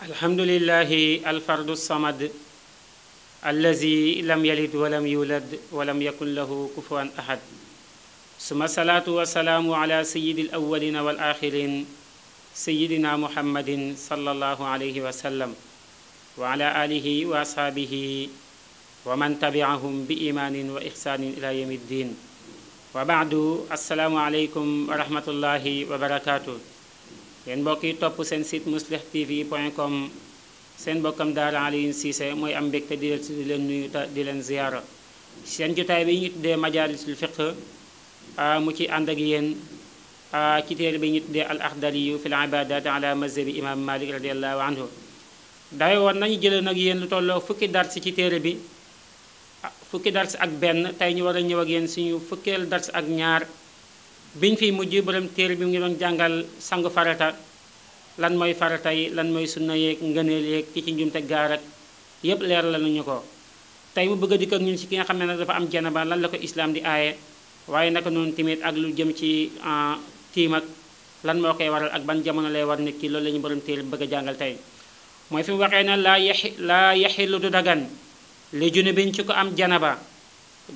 الحمد لله الفرد الصمد الذي لم يلد ولم يولد ولم يكن له كفوا أحد ثم الصلاة والسلام على سيد الأولين والآخرين سيدنا محمد صلى الله عليه وسلم وعلى آله وأصحابه ومن تبعهم بإيمان وإحسان إلى يوم الدين وبعد السلام عليكم ورحمة الله وبركاته yéen mbokk yi topp seen site muslih tv point com seen bokkam daara Alioune Cissé mooy am mbégte di leen di leen nuyu di leen ziyaara seen jotaay bi ñu tuddee majaalisul fiqh ah, mu ci ànd ak yéen ah, ci téere bi ñu tuddee al axdariyu fi l ibadat ala mazhabi imam malik radiallahu anhu dawe woon nañu jëlee nag yéen lu tolloo fukki dars ci téere bi ah, fukki dars ak benn tey ñu war ñëw ak yéen suñu fukkeel dars ak ñaar biñ fiy mujj borom téere bi mu ngi doon jàngal sangu farata lan mooy farata yi lan mooy sunna yeeg ngëneel yeeg ci ci njumte gaar ak yépp leer la nañu ko tey mu bëgg a dikk ak ñun ci ki nga xam ne nag dafa am janaba lan la ko islaam di aaye waaye noonu tamit ak lu jëm ci ah, tiim ak lan moo koy waral ak ban jamono lay war ne ki loolu la ñu borom téere bëgg a jàngal tey mooy fi mu waxee ne laa yaxi laa yaxilu du dagan li junubin ci ko am jana ba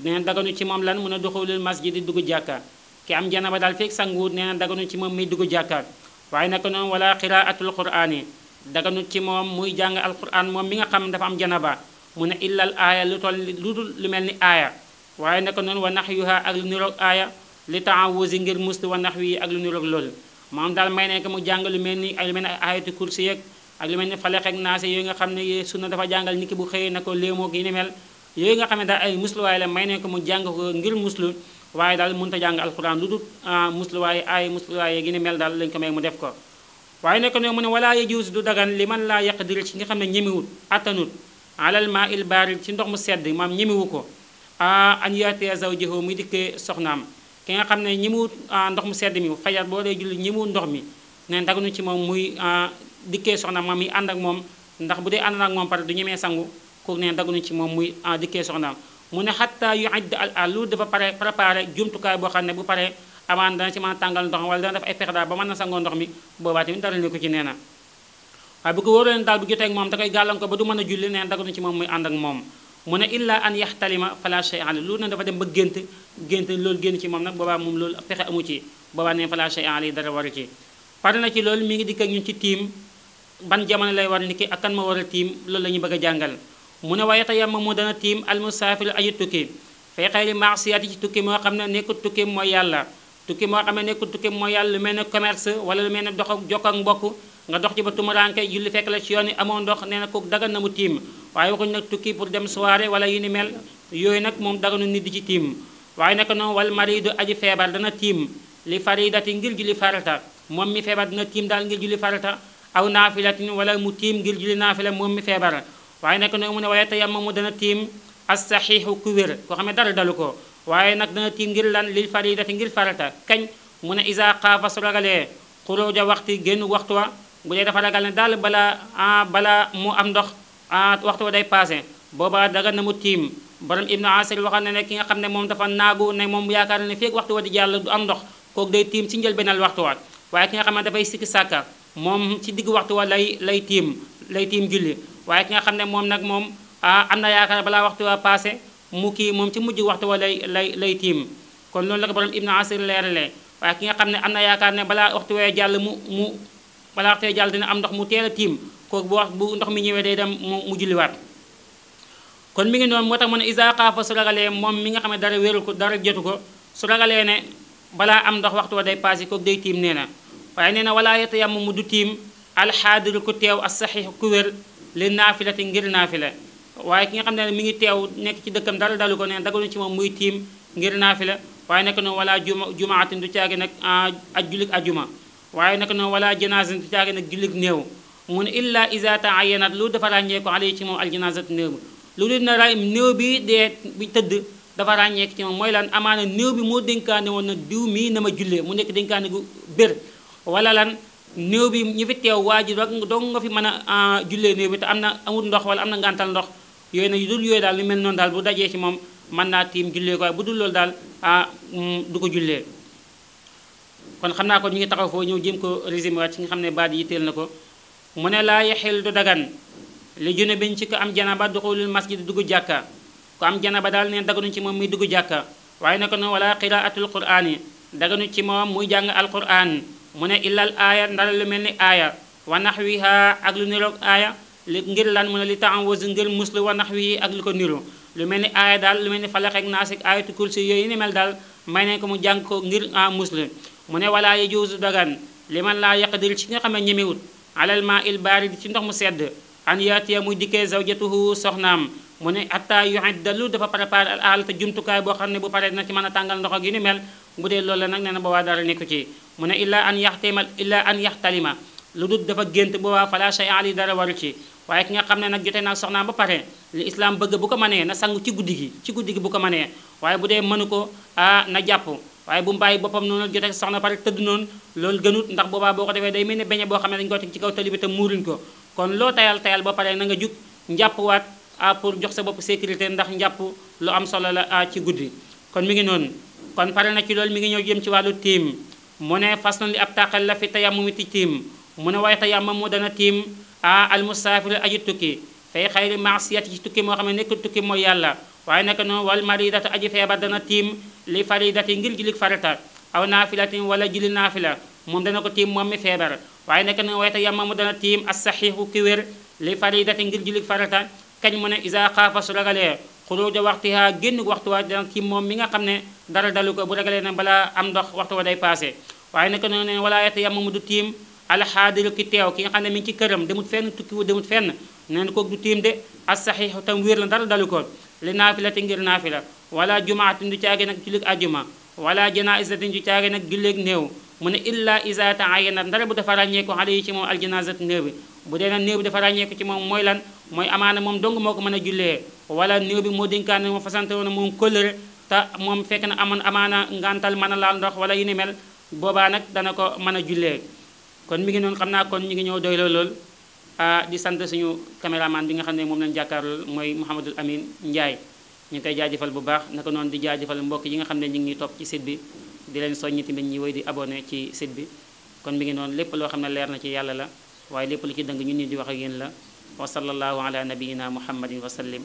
neen daganu ci moom lan mun a duxulul masjid di dugg jàkka ki am janaba daal fekk sanguwut nee na daganu ci moom muy dugg jàkkaar waaye naka noonu wala xiraatul quraani daganu ci moom muy jàng alquran moom mi nga xam dafa am ba mu ne illal aaya lu toll lu dul lu mel ni aaya waaye naka noonu wa naxyuha ak lu niroog aaya li taawusi ngir muslu wa nax wi ak lu niroog loolu moom daal may nekk mu jàng lu mel ni ak lu mel ni ay aayatu kursi yeeg ak lu mel ni falex ak naase yooyu nga xam ne sunna dafa na ko léemoo gi ni mel yooyu nga xam ne daal ay musluwaay la may nekk mu jàng ko ngir waaye daal mënut a jàng alquran lu dul musluwaay ah, ay musluwaay gi ni mel daal lañ ko may mu def ko waaye nekk ne mu ne walaa yajuus du dagan li man laa yaqdir ci nga xam ne ñemewut attanut alal maa il barid ci ndox mu sedd maam ñemewu ko ah, an yaatee zawjahu muy dikkee soxnaam ki nga xam ne ñemewut ah, ndox mu sedd mi fajar boo dee julli ñemewut ndox mi ne daganu ci moom muy dikkee soxnaam maam muy ànd ak moom ndax bu dee ànd ak moom pare du ñemee sangu kook ne daganu ci moom muy dikkee soxnaam mu ne xatta yu àdd al al loolu dafa pare préparé jumtukaay boo xam ne bu paree amaan dana ci mën a tàngal ndox mi wala dana def ay pexe daal ba mën na sangoo ndox mi boobaa tamit dara li ko ci nee na waaye bu ko wóoree daal bu jotee ak moom da koy gàllan ko ba du mën a julli neen daganu ci moom muy ànd ak moom mu ne illa an yaxtalima fala shay ali loolu ne dafa dem ba gént gént loolu génn ci moom nag boobaa moom loolu pexe amu ci boobaa neen fala shay ali dara waru ci pare na ci loolu mi ngi dikk ak ñun ci tiim ban jamono lay war ni ki ak kan ma war a tiim loolu la ñuy bëgg a jàngal mu ne waaye tayam mu dana tiim almusaafir aji tukki fay xayri maasiyaati ci tukki moo xam ne nekkul tukki mooy yàlla tukki moo xam ne nekkul tukki mooy yàlla lu mel ne commerce wala lu mel ne dox ak jokk ak mbokk nga dox ci ba tumuraanke julli fekk la ci yoon yi amoon ndox nee na ko dagan na mu tiim waaye waxuñu nag tukki pour dem soirée wala yu ni mel yooyu nag moom daganu nit di ci tiim waaye nag noonu wal maridu aji feebar dana tiim li faridati ngir julli farata moom mi feebar dina tiim daal ngir julli farata aw naafilatin wala mu tiim ngir julli naafila moom mi feebar waaye nag ne mu ne waaye tayam mu dana tiim as saxiixu ku koo xam ne dara dalu ko waaye nag dana tiim ngir lan lil faridati ngir farata kañ mu ne isa xaafa su ragalee xuróoja waxti génn waxtu wa bu dee dafa ragal ne daal balaa balaa mu am ndox waxtu wa day passé boobaa daga na mu tiim borom ibnu asir waxoon na ne ki nga xam ne moom dafa naagu ne moom yaakaar na ne feeg waxtu wa di jàll du am ndox kooku day tiim ci njël njëlbeenal waxtu wa waaye ki nga xam ne dafay sikki sàkka moom ci digg waxtu wa lay lay lay tiim julli waaye ki nga xam ne moom nag moom am na yaakaar balaa waxtu waa passé mu kii moom ci mujj waxtu wa lay lay lay tiim kon loolu la ko borom ibnu asir leeralee waaye ki nga xam ne am na yaakaar ne balaa waxtu wee jàll mu mu balaa waxtu wee jàll dina am ndox mu teel a tiim kook bu wax bu ndox mi ñëwee day dem mu julliwaat kon mu ngi noonu moo tax mu ne isa xaafa su ragalee moom mi nga xam ne dara wéeru ko dara jotu ko su ragalee ne balaa am ndox waxtu wa day passé kooku day tiim nee na waaye nee na walaa yeta yàmm mu du tiim alxaadiru li naafilati ngir naafila waaye ki nga xam ne mi ngi teew nekk ci dëkkam dara dalu ko ne daganu ci moom muy tiim ngir naafila waaye nekk noonu wala juma jumaatin du caagi nag ah, ak jullit ajuma waaye nekk noonu wala janaasin du caagi nag jullit néew mu ne illa iza taayanat lu dafa ràññee ko alay ci moom aljanaasatu néew bi lu dul na ra néew bi dee bi tëdd dafa ràññeek ci moom mooy lan amaana néew bi moo dénkaane woon na diw mii na ma jullee mu nekk dénkaane gu bér wala lan néew bi ñu fi teew ji rek dong nga fi man a ah, jullee néew bi te am na amul ndox wala am na ngàntal ndox yooyu nag yu dul yooyu daal lu mel noonu daal bu dajee ci moom mën naa tiim jullee ko waaye bu dul loolu daal ah, mm, du ko jullee kon xam naa ko ñu ngi taxaw foofu ñëw jéem ko résumé waat ci nga xam ne baat yi teel na ko mu ne laa yaxil du dagan li junubin ci ko am janaba duxulul masjid dugg jàkka ku am janaba daal neen daganu ci moom muy dugg jàkka waaye naka noonu wala qiraatul quraani daganu ci moom muy jàng alquran mu ne illal aaya ndara lu mel ni aaya wa nax wiha ak lu niroog aaya li ngir lan mu ne li taam wasu ngir muslu wa nax wihi ak lu ko niro lu mel ni aaya daal lu mel ni falax ak naas ak aayatu kursi yooyu ni mel daal may nañ ko mu jàng ko ngir a muslu mu ne walaa yajuuzu dagan li man laa yaqdir ci nga xam ne ñemewut alal maa il baarid ci ndox mu sedd an yaatiya muy dikkee zawjatuhu soxnaam mu ne hatta yu'addalu dafa préparé al aala te jumtukaay boo xam ne bu pare dina ci mën a tàngal ndox ak yu ni mel bu dee loolu la nag boobaa dara nekku ci mu ne illaa an yaxtama illaa an yaxtalima lu dul dafa gént boobaa fala shay ali dara waru ci waaye ki nga xam ne nag jote naa soxnaam ba pare li islaam bëgg bu ko mënee na sangu ci guddi gi ci guddi gi bu ko mënee waaye bu dee mënu ko ah na jàpp waaye bu mu bàyyi boppam noonu jote soxna pare tëdd noonu loolu gënut ndax boobaa boo ko defee day mel ne beñe boo xam ne dañu ko teg ci kaw tali bi te muuruñ ko kon loo tayal tayal ba pare na nga jug njàppwaat ah pour jox sa bopp sécurité ndax njàpp lu am solo la ci guddi kon mi ngi noonu kon pare na ci loolu mi ngi ñëw jëm ci wàllu tiim mu ne faslun li ab tàqal la fi tayammumi ci tiim mu ne waaye tayammamu dana tiim a almusaafir aji tukki fay xayri maasiyati ci tukki moo xam ne nekkul tukki mooy yàlla waaye naka noonu wal maridatu aji feebar dana tiim li faridati ngir jullit farata aw naafilatin wala julli naafila moom dana ko tiim moom mi feebar waaye naka noonu waaye tayammamu dana tiim as saxiixu ki wér li faridati ngir jullit farata kañ mu ne isa xaafa su ragalee xuruja waxtiha génn waxtu waa dana moom mi nga xam ne dara dalu ko bu ragalee ne balaa am ndox waxtu wa day passé waaye naka noonu ne walaa yatayammam du tiim alxaadiru ki teew ki nga xam ne mi ngi ci këram demut fenn tukkiwu demut fenn nee na kook du tiim de as saxiixu tam wér la dara dalu ko li naafilati ngir naafila wala jumaatin du caage nag jullig ajuma wala janaisatin du caage nag jullig néew mu ne illa isa taayana ndara bu dafa ràññeeku xale yi ci moom aljanazat néew bi bu dee nag néew bi dafa ràññeeku moom mooy lan mooy amaana moom dong moo ko mën a jullee wala néew bi moo dénkaane moo sante woon moom kóllëre te moom fekk na amoon amaana ngantal mën a laal ndox wala yu ni mel boobaa nag dana ko mën a jullee kon mi ngi noonu xam naa kon ñu ngi ñëw doy lool di sant suñu caméraman bi nga ne moom lañu jàkkaarlool mooy Mouhamadul Amin Ndiaye ñu ngi koy bu baax naka noonu di jaajëfal mbokk yi nga xam ne ñu ngi topp ci site bi di leen soññi tamit ñi di abonné ci site bi kon mi ngi noonu lépp loo xam ne leer na ci yàlla la waaye lépp lu ci dëng ñu ni di wax ak yéen la wa sallallahu ala nabiyina muhammadin wa sallim